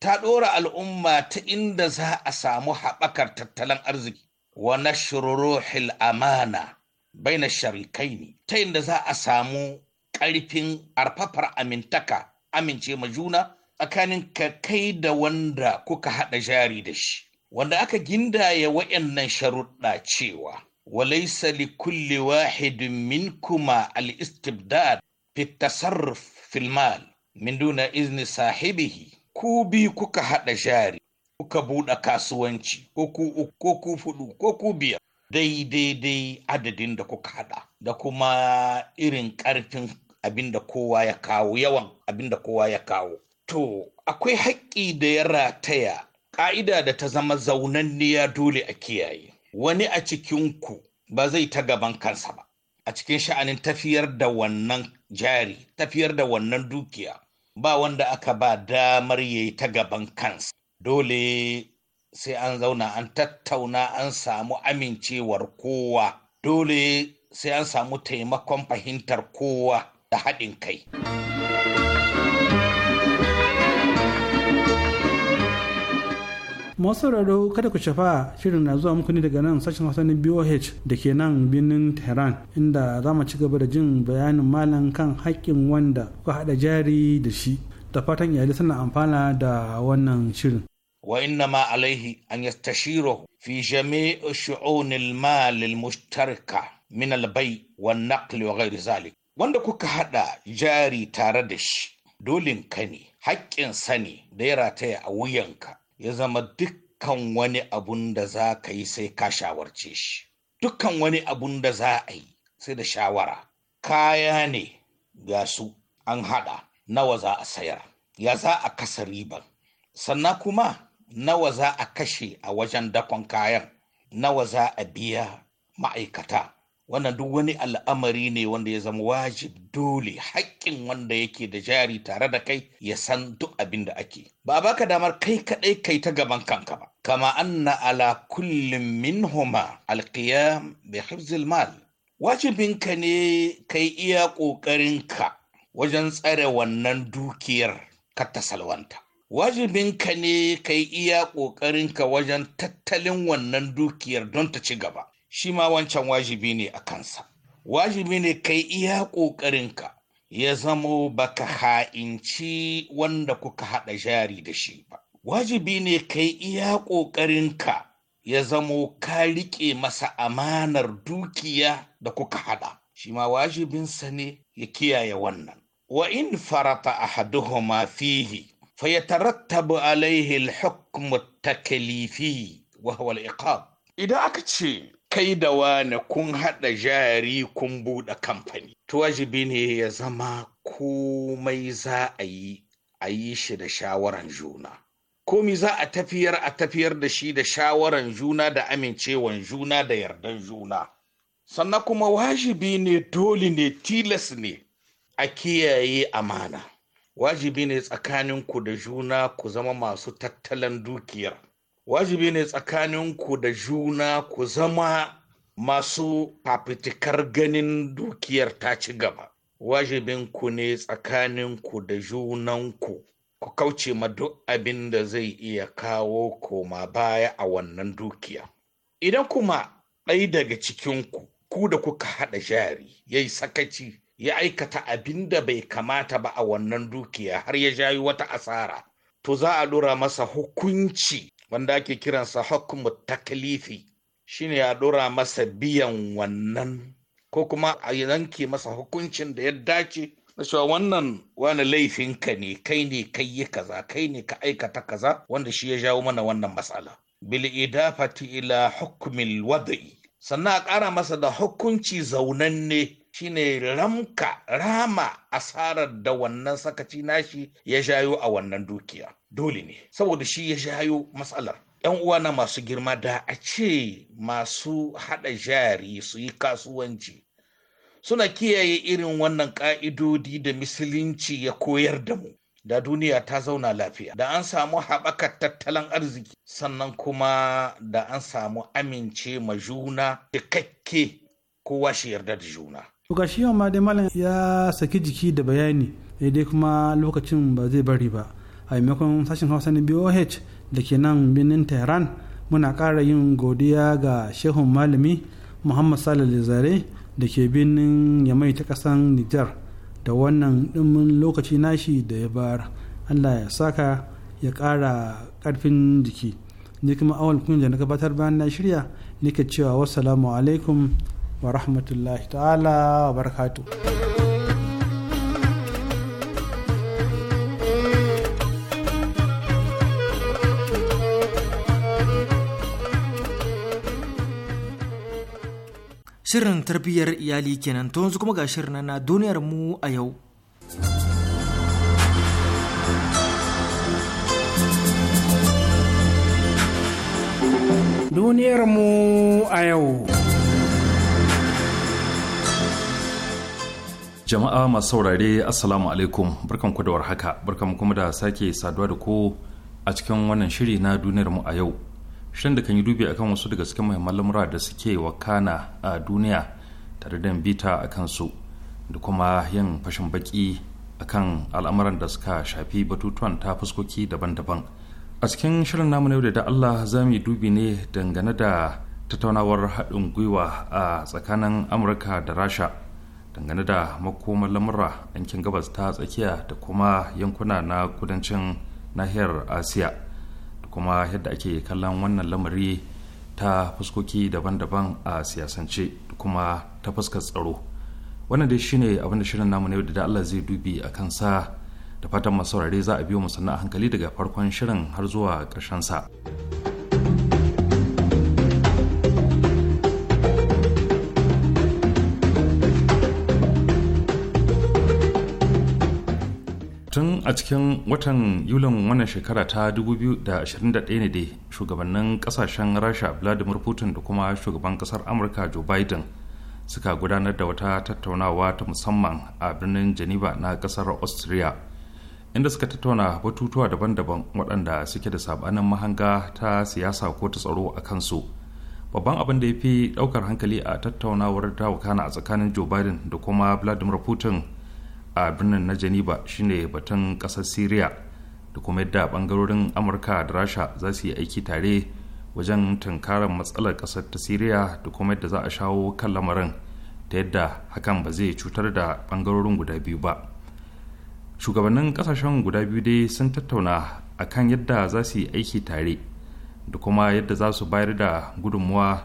ta ɗora al'umma ta inda za a samu haɓakar tattalin arziki wa na nashruruhil amana bai na sharikai ne ta inda za a samu ƙarfin arfafar amintaka amince ma juna tsakanin ka kai da wanda kuka haɗa jari da shi wanda aka gindaya waɗannan sharuɗa cewa walaisa li kulli wahidin minkuma al-istibdad fi tasarruf fil mal min duna izni sahibihi ku biyu kuka haɗa jari kuka buɗe kasuwanci ko ku uku ko ku fudu ko ku biyar daidai dai adadin da kuka haɗa da kuma irin ƙarfin abin da kowa ya kawo yawan abin da kowa ya kawo to akwai haƙƙi da ya rataya ƙa'ida da ta zama zaunanniya dole a kiyaye wani a cikinku ba zai ta gaban kansa ba a cikin sha'anin tafiyar da wannan jari tafiyar da wannan dukiya ba wanda aka ba damar ya yi ta gaban kansa dole sai an zauna an tattauna an samu amincewar kowa dole sai an samu taimakon fahimtar kowa da haɗin kai. masauraro kada ku shafa shirin na zuwa muku ne daga nan sashen hausa boh da ke nan birnin tehran inda za mu ci gaba da jin bayanin malam kan haƙƙin wanda ku haɗa jari da shi da fatan iyali suna amfana da wannan shirin ma alaihi وإنما fi أن يستشيره في جميع شؤون min albai wa naqli wa وغير zali wanda kuka haɗa jari tare da shi ka ne haƙƙin sani da ya rataya a wuyanka ya zama dukkan wani abun da za ka yi sai ka shawarce shi dukkan wani abun da za a yi sai da shawara kaya ne ga su an haɗa nawa za a sayar ya za a kasa riban sannan kuma nawa za a kashe a wajen dakon kayan nawa za a biya ma'aikata wannan duk wani al'amari ne wanda ya zama wajib dole haƙƙin wanda yake da jari tare da kai ya san duk abin da ake ba a baka damar kai kaɗai kai ta gaban kanka ba kama anna ala kullum minhuma alƙiyam bi hifzil mal wajibinka ne kai iya ƙoƙarinka wajen tsare wannan dukiyar ka ta wajibinka ne kai iya ƙoƙarinka wajen tattalin wannan dukiyar don ta ci gaba shi ma wancan wajibi ne a kansa wajibi ne kai iya ƙoƙarinka ya zamo baka ha'inci wanda kuka haɗa jari da shi ba wajibi ne kai iya ƙoƙarinka ya zamo ka riƙe masa amanar dukiya da kuka haɗa shi ma wajibinsa ne ya kiyaye wannan wa in farata ahaduhuma fihi fayatarattabu alaihi alhukmu takalifi wa huwa idan aka ce kai da wane kun haɗa jari kun buɗe kamfani. wajibi ne ya zama komai za a yi a yi shi da shawaran juna. Komi za a tafiyar a tafiyar da shi da shawaran juna da amincewan juna da yardan juna. Sannan kuma wajibi ne dole ne tilas ne a kiyaye amana. Wajibi ne tsakaninku da juna ku zama masu tattalin dukiyar. wajibi ne tsakaninku da juna ku zama masu fafitikar ganin dukiyar ta ci gaba wajibinku ne tsakaninku da junanku ku kauce ma duk abin da zai iya kawo koma baya a wannan dukiya idan kuma ɗai daga cikinku ku da kuka haɗa jari ya yi sakaci ya aikata abin da bai kamata ba a wannan dukiya har ya jayi wata asara to za a lura masa hukunci wanda ake kiransa hukumu taklifi shine ya dora masa biyan wannan ko kuma a yanke masa hukuncin da ya dace na cewa wannan wani laifinka ne kai ne kai yi kaza kai ne ka aikata kaza wanda shi ya jawo mana wannan matsala bil idafati ila hukumin wada'i sannan a ƙara masa da hukunci zaunanne shine ramka rama asarar da wannan sakaci nashi ya jayo a wannan dukiya dole ne saboda shi ya shayo matsalar yan uwana masu girma da a ce masu haɗa jari su yi kasuwanci suna kiyaye irin wannan ƙa'idodi da musulunci ya koyar da mu da duniya ta zauna lafiya da an samu haɓakar tattalin arziki sannan kuma da an samu amince ma juna cikakke kowa shi yarda da juna to ga shi ma dai ya saki jiki da bayani dai kuma lokacin ba zai bari ba a maimakon sashen hausa na boh da ke nan birnin tehran muna ƙara yin godiya ga shehun malami muhammad salih zare da ke birnin yamai ta kasan nijar da wannan ɗimin lokaci nashi da ya bar allah ya saka ya kara karfin jiki ni kuma awal kun da na gabatar bayan na shirya nake cewa wasu alaikum wa rahmatullahi ta'ala wa barakatuh Shirin tarbiyyar iyali kenan to yanzu kuma ga shirin na duniyar mu a yau. Duniyar mu a yau. Jama'a masu saurare Assalamu alaikum barkan ku da warhaka barkan kuma da sake saduwa da ku a cikin wannan shiri na duniyar mu a yau. shirin da kan yi dubi akan wasu daga cikin muhimman lamura da suke wakana a duniya tare da bita a kansu da kuma yin fashin baki akan al'amuran da suka shafi batutuwan ta fuskoki daban-daban a cikin shirin namu yau da allah za mu yi dubi ne dangane da tattaunawar haɗin gwiwa a tsakanin amurka da rasha dangane da makomar lamura yankin gabas ta tsakiya da kuma yankuna na kudancin nahiyar asiya kuma yadda ake kallon wannan lamari ta fuskoki daban-daban a siyasance kuma ta fuskar tsaro wannan dai shine abinda shirin namu ne da Allah zai dubi a kansa da fatan masu za a biyo mu sannan a hankali daga farkon shirin har zuwa karshen sa. a cikin watan yulin wannan shekara ta 2021 ne dai shugabannin kasashen rasha vladimir putin da kuma shugaban kasar amurka joe biden suka gudanar da wata tattaunawa ta musamman a birnin geneva na kasar austria inda suka tattauna batutuwa daban-daban waɗanda suke da sabanin mahanga ta siyasa ko ta tsaro a kansu babban abin da ya fi ɗaukar hankali a tattaunawar ta wakana a tsakanin joe biden da kuma vladimir putin a birnin na geneva shine batun ƙasar syria da kuma yadda bangarorin amurka da rasha za su yi aiki tare wajen tunkarar matsalar ƙasar ta syria da kuma yadda za a shawo kan lamarin ta yadda hakan ba zai cutar da bangarorin guda biyu ba shugabannin kasashen guda biyu dai sun tattauna a kan yadda za su yi aiki tare da kuma yadda za su bayar da gudunmuwa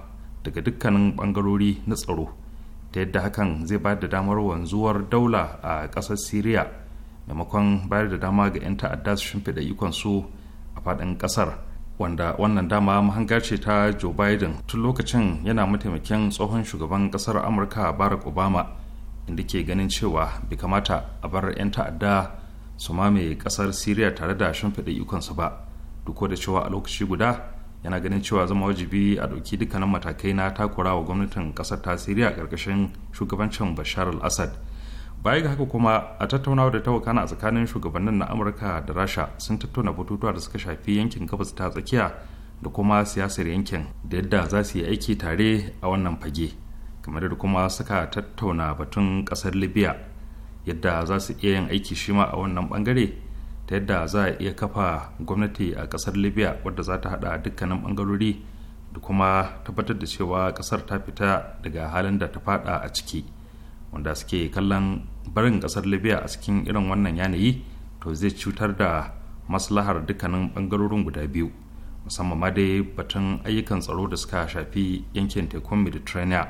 daga dukkanin bangarori na tsaro ta yadda hakan zai bayar da damar wanzuwar daula a ƙasar syria maimakon bayar da dama ga 'yan ta'adda su shimfiɗa ikonsu a faɗin ƙasar wanda wannan dama mahanga ce ta joe biden tun lokacin yana mataimakin tsohon shugaban ƙasar amurka barack obama inda ke ganin cewa bai kamata a bar 'yan ta'adda su mame ƙasar syria tare da shimfiɗa ikonsu ba duk da cewa a lokaci guda yana ganin cewa zama wajibi a ɗauki dukkanin matakai na takura wa gwamnatin ƙasar ta siriya ƙarƙashin shugabancin bashar al-assad baya ga haka kuma a tattaunawa da na a tsakanin shugabannin na amurka da rasha sun tattauna batutuwa da suka shafi yankin gabas ta tsakiya da kuma siyasar yankin da yadda za su yi aiki tare a wannan fage kamar da kuma suka tattauna batun ƙasar libya yadda za su iya yin aiki shima a wannan bangare ta yadda za a iya kafa gwamnati a kasar libya wadda za ta hada dukkanin bangarori da kuma tabbatar da cewa kasar ta fita daga halin da ta fada a ciki wanda suke kallon barin kasar libya a cikin irin wannan yanayi to zai cutar da maslahar dukkanin bangarorin guda biyu musamman ma dai batun ayyukan tsaro da suka shafi yankin tekun mediterranean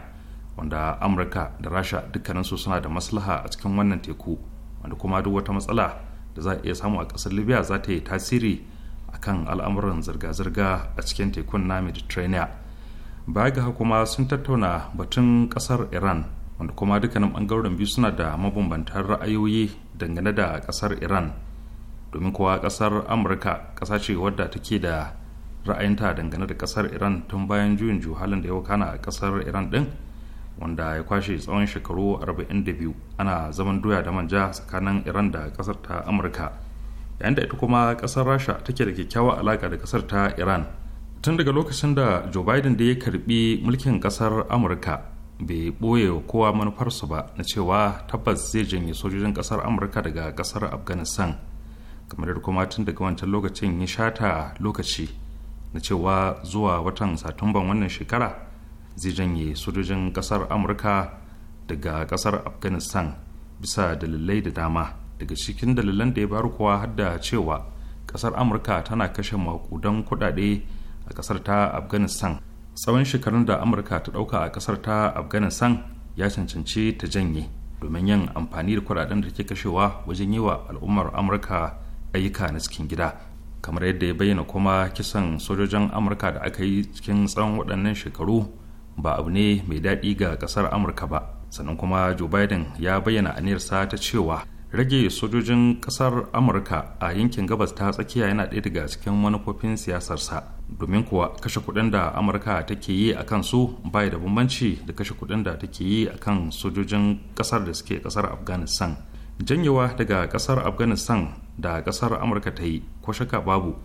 wanda amurka da rasha dukkaninsu suna da maslaha a cikin wannan teku wanda kuma duk wata matsala da za a iya samu a ƙasar libya za ta yi tasiri a kan al'amuran zirga-zirga a cikin tekun na mediterranean baya ga kuma sun tattauna batun ƙasar iran wanda kuma dukkanin ɓangaren biyu suna da mabambantar ra'ayoyi dangane da ƙasar iran domin kowa ƙasar amurka ƙasa ce wadda take da ra'ayinta dangane da ƙasar iran tun bayan juyin juhalin da ya wakana a ƙasar iran ɗin wanda ya kwashe tsawon shekaru 42 ana zaman doya da manja tsakanin iran da kasar ta amurka yayin da ita kuma kasar rasha take da kyakkyawar alaka da kasar ta iran tun daga lokacin da joe biden da ya karbi mulkin kasar amurka bai ɓoye wa kowa manufarsu ba na cewa tabbas zai janye sojojin kasar amurka daga kasar afghanistan kamar da kuma tun daga wancan lokacin ya shata lokaci na cewa zuwa watan satumban wannan shekara zai janye sojojin kasar amurka daga kasar afghanistan bisa dalilai da dama daga cikin dalilan da ya bar kuwa har da cewa kasar amurka tana kashe makudan kudade a kasar ta afghanistan tsawon shekarun da amurka ta dauka a kasar ta afghanistan ya cancanci ta janye domin yin amfani da kudaden da ke kashewa wajen yi wa al'ummar amurka ayyuka na cikin gida kamar yadda ya bayyana kuma kisan sojojin amurka da aka yi cikin tsawon waɗannan shekaru ba abu ne mai daɗi ga ƙasar amurka ba sannan kuma joe biden ya bayyana aniyarsa ta cewa rage sojojin ƙasar amurka a yankin gabas ta tsakiya yana ɗaya daga cikin manufofin siyasarsa domin kuwa kashe kuɗin da amurka take yi a su ba da bambanci da kashe kuɗin da take yi a kan sojojin ƙasar da suke ƙasar afghanistan janyewa daga ƙasar afghanistan da ƙasar amurka ta yi ko shaka babu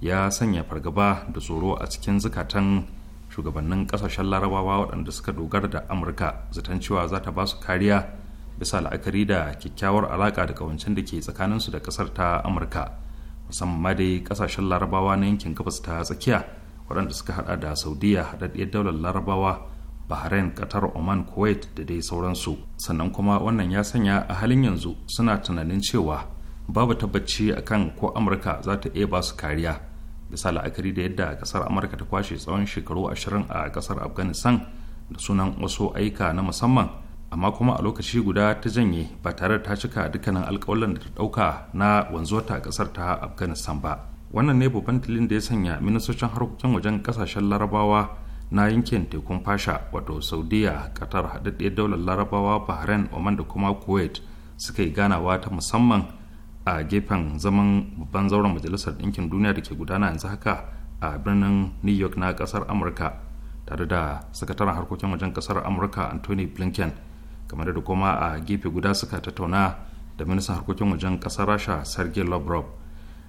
ya sanya fargaba da tsoro a cikin zukatan shugabannin kasashen larabawa waɗanda suka dogara da amurka zaton cewa za ta ba su kariya bisa la'akari da kyakkyawar alaƙa da ƙawancin da ke tsakaninsu da ƙasar ta amurka musamman ma dai ƙasashen larabawa na yankin gabas ta tsakiya waɗanda suka haɗa da saudiya haɗaɗɗiyar daular larabawa bahrain qatar oman kuwait da dai sauransu sannan kuma wannan ya sanya a halin yanzu suna tunanin cewa babu tabbaci akan ko amurka za ta iya ba su kariya bisa la'akari da yadda kasar amurka ta kwashe tsawon shekaru ashirin a kasar afghanistan da sunan wasu aika na musamman amma kuma a lokaci guda ta janye ba tare da ta cika dukkanin alkawalan da ta dauka na ta kasar ta afghanistan ba wannan ne babban tilin da ya sanya ministocin harkokin wajen kasashen larabawa na yankin tekun fasha wato saudiya qatar haɗaɗɗiyar daular larabawa bahrain oman da kuma kuwait suka yi ganawa ta musamman a gefen zaman babban zauren majalisar ɗinkin duniya da ke gudana yanzu haka a birnin new york na ƙasar amurka tare da sakataren harkokin wajen ƙasar amurka anthony blinken kamar da kuma a gefe guda suka tattauna da ministan harkokin wajen ƙasar rasha sergei lavrov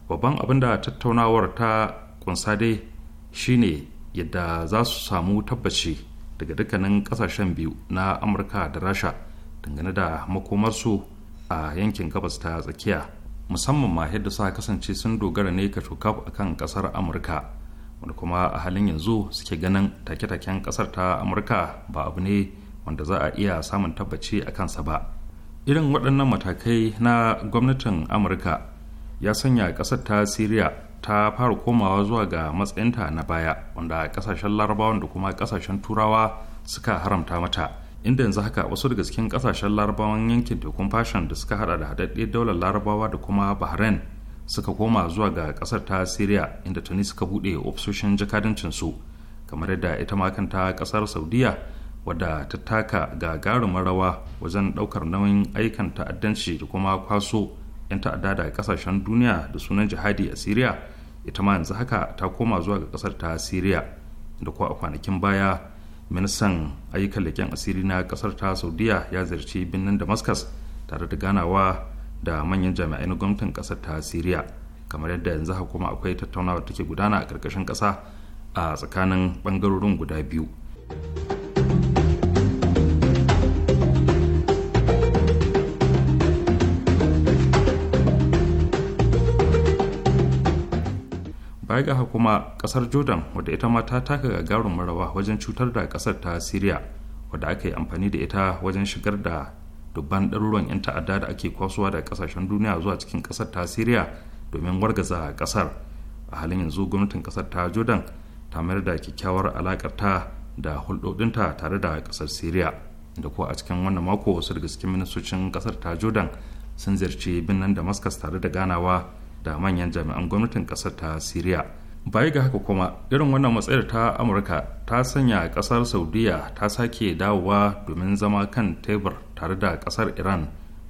babban abin da tattaunawar ta kunsa dai shine yadda za su samu tabbaci daga dukkanin ƙasashen biyu na amurka da rasha dangane da makomarsu a yankin gabas ta tsakiya musamman ma yadda suka kasance sun dogara ne ka a kan kasar amurka wanda kuma a halin yanzu suke ganin take-taken kasar ta amurka ba abu ne wanda za a iya samun tabbaci a kansa ba irin waɗannan matakai na gwamnatin amurka ya sanya kasar ta syria ta fara komawa zuwa ga matsayinta na baya wanda kasashen larabawan da kuma kasashen turawa suka haramta mata inda yanzu haka wasu daga cikin kasashen larabawan yankin tekun fashon da suka hada da haɗaɗɗiyar daular larabawa da kuma bahrain suka koma zuwa ga kasar ta syria inda tuni suka buɗe ofisoshin jakadancinsu kamar yadda ita ma kanta kasar saudiya wadda ta taka gagarumin rawa wajen ɗaukar nauyin aikan ta'addanci da kuma kwaso 'yan ta'adda da kasashen duniya da sunan jihadi a syria ita ma yanzu haka ta koma zuwa ga kasar ta syria da kuwa a kwanakin baya ministan ayyukan leƙen asiri na ƙasar ta saudiya ya ziyarci birnin damascus tare da ganawa da manyan jami'ai na gwamnatin ƙasar ta siriya kamar yadda yanzu haka kuma akwai tattaunawa take gudana a ƙarƙashin ƙasa a tsakanin ɓangarorin guda biyu baya ga kuma ƙasar jordan wadda ita ma ta taka gagarumin marawa wajen cutar da kasar ta syria wadda aka yi amfani da ita wajen shigar da dubban ɗaruruwan 'yan ta'adda da ake kwasuwa da kasashen duniya zuwa cikin kasar ta syria domin wargaza ƙasar a halin yanzu gwamnatin kasar ta jordan ta mayar da kyakkyawar alakar ta da hulɗoɗinta tare da kasar syria da kuwa a cikin wannan mako wasu daga cikin ministocin kasar ta jordan sun ziyarci birnin damascus tare da ganawa da manyan jami'an gwamnatin kasar ta syria baya ga haka kuma irin wannan matsayar ta amurka ta sanya kasar saudiya ta sake dawowa domin zama kan tebur tare da kasar iran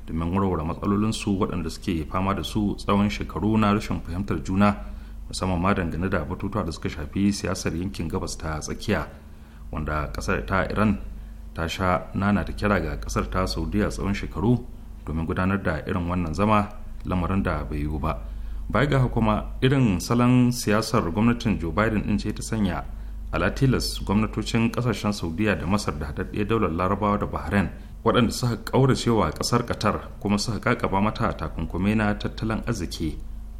domin warware matsalolin su waɗanda suke fama da su tsawon shekaru na rashin fahimtar juna musamman ma dangane da batutuwa da suka shafi siyasar yankin gabas ta tsakiya wanda kasar ta iran ta sha nana ta kira ga kasar ta saudiya tsawon shekaru domin gudanar da irin wannan zama lamarin da bai yiwu ba baya ga kuma irin salon siyasar gwamnatin joe biden din ce ta sanya alatilas gwamnatocin kasashen saudiya da masar da haɗaɗɗiyar daular larabawa da bahrain waɗanda suka cewa ƙasar qatar kuma suka kakaba mata takunkumi na tattalin arziki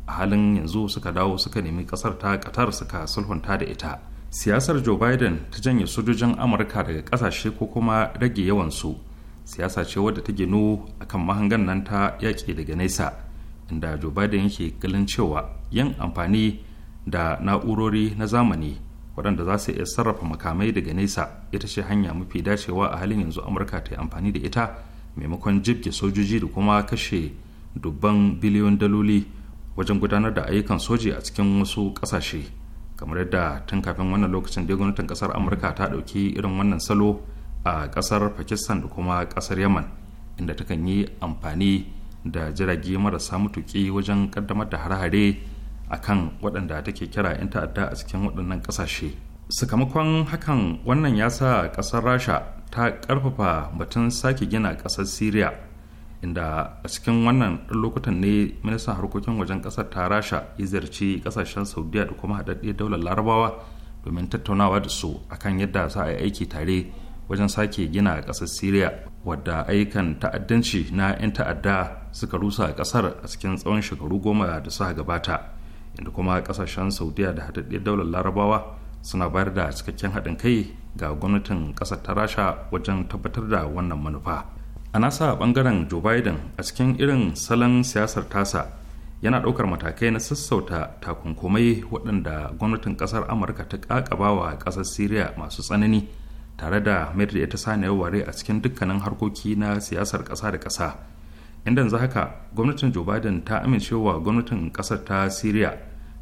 a halin yanzu suka dawo suka nemi ƙasar ta qatar suka sulhunta da ita siyasar joe biden ta janye sojojin amurka daga ƙasashe ko kuma rage yawansu siyasa ce wadda ta ginu akan mahangan nan ta yaƙi daga nesa inda joe biden yake kalin cewa yin amfani da na'urori na zamani waɗanda za su iya sarrafa makamai daga nesa ita ce hanya mafi dacewa a halin yanzu amurka ta yi amfani da ita maimakon jibge sojoji da kuma kashe dubban biliyon daloli wajen gudanar da ayyukan soji a cikin wasu ƙasashe kamar yadda tun kafin wannan lokacin da gwamnatin ƙasar amurka ta ɗauki irin wannan salo a ƙasar pakistan da kuma ƙasar yaman inda takan yi amfani da jirage marasa mutuki wajen kaddamar da hare a kan waɗanda take kira 'yan ta'adda a cikin waɗannan ƙasashe sakamakon hakan wannan ya sa ƙasar rasha ta ƙarfafa batun sake gina ƙasar syria inda a cikin wannan ɗan lokutan ne ministan harkokin wajen ƙasar ta rasha ya ziyarci ƙasashen saudiya da kuma haɗaɗɗiyar daular larabawa domin tattaunawa da su akan yadda za a yi aiki tare wajen sake gina ƙasar syria wadda ayyukan ta'addanci na 'yan ta'adda suka rusa a ƙasar a cikin tsawon shekaru goma da suka gabata inda kuma ƙasashen saudiya da haɗaɗɗiyar daular larabawa suna bayar da cikakken haɗin kai ga gwamnatin ƙasar ta rasha wajen tabbatar da wannan manufa a nasa ɓangaren joe biden a cikin irin salon siyasar tasa yana ɗaukar matakai na sassauta takunkumai waɗanda gwamnatin ƙasar amurka ta ƙaƙabawa ƙasar syria masu tsanani tare da mayar da ita saniyar ware a cikin dukkanin harkoki na siyasar ƙasa da ƙasa inda za haka gwamnatin joe biden ta amincewa gwamnatin ƙasar ta syria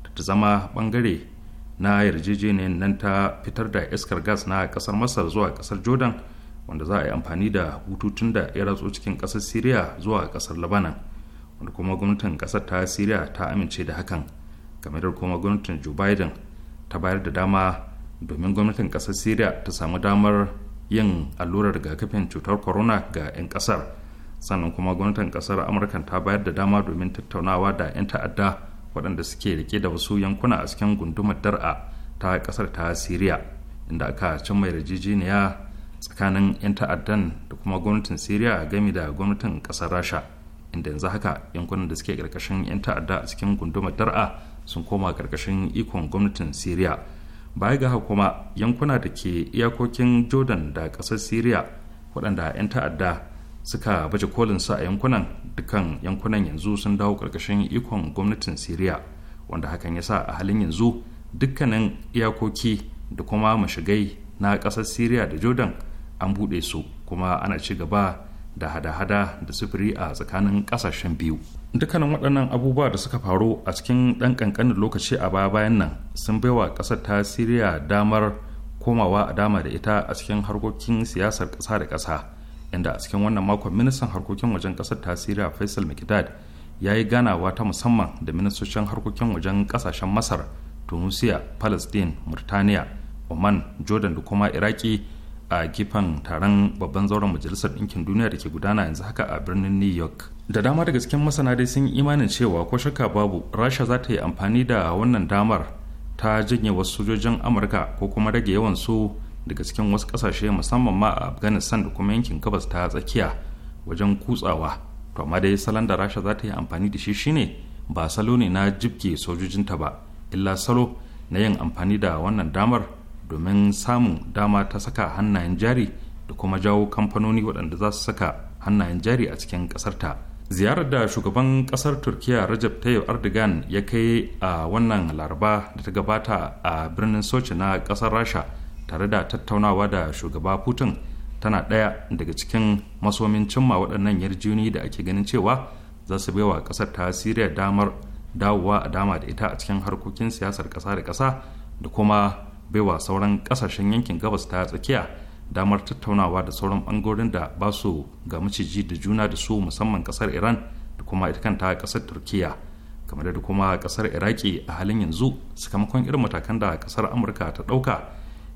ta zama bangare na yarjejeniyar nan ta fitar da iskar gas na ƙasar masar zuwa ƙasar jordan wanda za a yi amfani da bututun da ya ratso cikin ƙasar syria zuwa ƙasar lebanon wanda kuma gwamnatin ƙasar ta syria ta amince da hakan game da kuma gwamnatin joe biden ta bayar da dama domin gwamnatin kasar syria ta samu damar yin allurar rigakafin cutar corona ga 'yan kasar sannan kuma gwamnatin kasar amurka ta bayar da dama domin tattaunawa da 'yan ta'adda waɗanda suke rike da wasu yankuna a cikin gundumar dar'a ta kasar ta syria inda aka mai yarjejeniya tsakanin 'yan ta'addan da kuma gwamnatin syria game da gwamnatin kasar rasha inda yanzu haka yankunan da suke karkashin 'yan ta'adda a cikin gundumar dar'a sun koma karkashin ikon gwamnatin syria baya ga kuma yankuna da ke iyakokin jordan da ƙasar syria waɗanda 'yan ta'adda suka baje kolin su a yankunan dukkan yankunan yanzu sun dawo ƙarƙashin ikon gwamnatin syria wanda hakan ya sa a halin yanzu dukkanin iyakoki da kuma mashigai na ƙasar syria da jordan an buɗe su kuma ana ci gaba da hada-hada da sufuri a tsakanin ƙasashen biyu dukkanin waɗannan abubuwa da suka faru a cikin ɗan ƙanƙanin lokaci a baya bayan nan sun bai wa ƙasar ta siriya damar komawa a dama da ita a cikin harkokin siyasar ƙasa da ƙasa inda a cikin wannan makon ministan harkokin wajen ƙasar ta siriya faisal mikdad ya yi ganawa ta musamman da ministocin harkokin wajen ƙasashen masar tunisia palestine murtaniya oman jordan da kuma iraki a gefen taron babban zauren majalisar ɗinkin duniya da ke gudana yanzu haka a birnin new york da dama daga cikin masana dai sun imanin cewa ko shakka babu rasha za ta yi amfani da wannan damar ta janye wasu sojojin amurka ko kuma rage yawan su daga cikin wasu ƙasashe musamman ma a afghanistan da kuma yankin gabas ta tsakiya wajen kutsawa to amma dai salon da rasha za ta yi amfani da shi shine ba salo ne na jibge sojojinta ba illa salo na yin amfani da wannan damar domin samun dama ta saka hannayen jari da kuma jawo kamfanoni waɗanda za su saka hannayen jari a cikin ƙasarta. ziyarar da shugaban ƙasar turkiya rajab tayyip erdogan ya kai a wannan laraba da ta gabata a birnin sochi na ƙasar rasha tare da tattaunawa da shugaba putin tana ɗaya daga cikin masomin cimma waɗannan yarjini da ake ganin cewa za su baiwa ƙasar ta siriya damar dawowa a dama da ita a cikin harkokin siyasar ƙasa da ƙasa da kuma baiwa sauran kasashen yankin gabas ta tsakiya damar tattaunawa da sauran bangorin da ba su ga maciji da juna da su musamman kasar iran da kuma ita kanta kasar turkiya kamar da kuma kasar iraki a halin yanzu sakamakon irin matakan da kasar amurka ta dauka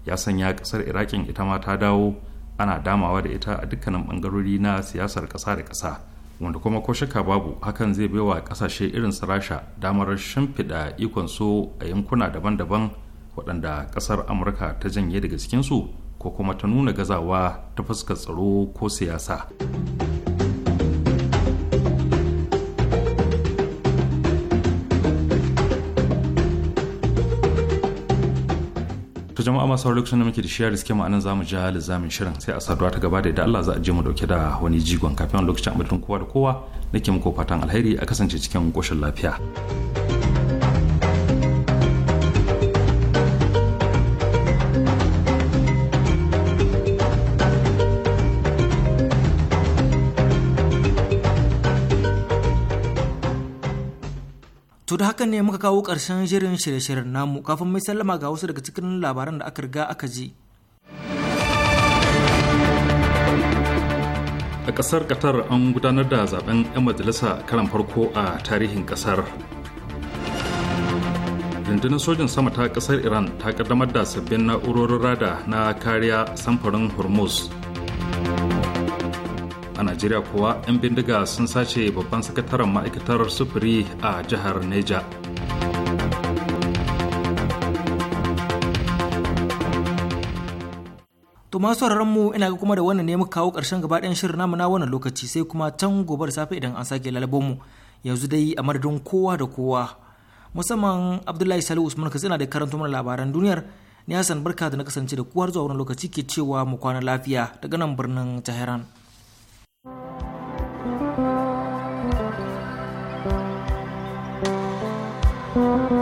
ya sanya kasar irakin ita ma ta dawo ana damawa da ita a dukkanin bangarori na siyasar kasa da kasa wanda kuma ko shaka babu hakan zai baiwa kasashe irin su rasha damar shimfiɗa ikon su a yankuna daban-daban waɗanda ƙasar amurka ta janye daga cikinsu ko kuma ta nuna gazawa ta fuskar tsaro ko siyasa ta jama'a masu sauraro lokacin da muke da shiyar riske ma'anan zamu ja lizamin shirin sai a saduwa ta gaba da yadda Allah za a je mu dauke da wani jigon kafin lokacin amintun kowa da kowa nake muku fatan alheri a kasance cikin koshin lafiya. To da hakan ne muka kawo ƙarshen shirin shirye-shiryen namu kafin mai sallama ga wasu daga cikin labaran da aka riga aka ji. A ƙasar Qatar an gudanar da zaben 'yan majalisa karan farko a tarihin ƙasar. Rundunar sojin sama ta ƙasar Iran ta ƙaddamar da sabbin na'urorin rada na kariya samfurin Hormuz a najeriya kuwa 'yan bindiga sun sace babban sakataren ma'aikatar sufuri a jihar neja To masu mu ina ga kuma da wannan ne mu kawo karshen gaba ɗayan shirin namu na wannan lokaci sai kuma can gobe da safe idan an sake lalabon mu yanzu dai a madadin kowa da kowa musamman Abdullahi Salihu Usman ka tsina da karanto mana labaran duniyar ni Hassan barka da na kasance da kuwar zuwa wani lokaci ke cewa mu kwana lafiya daga nan birnin Tehran. Mm-hmm.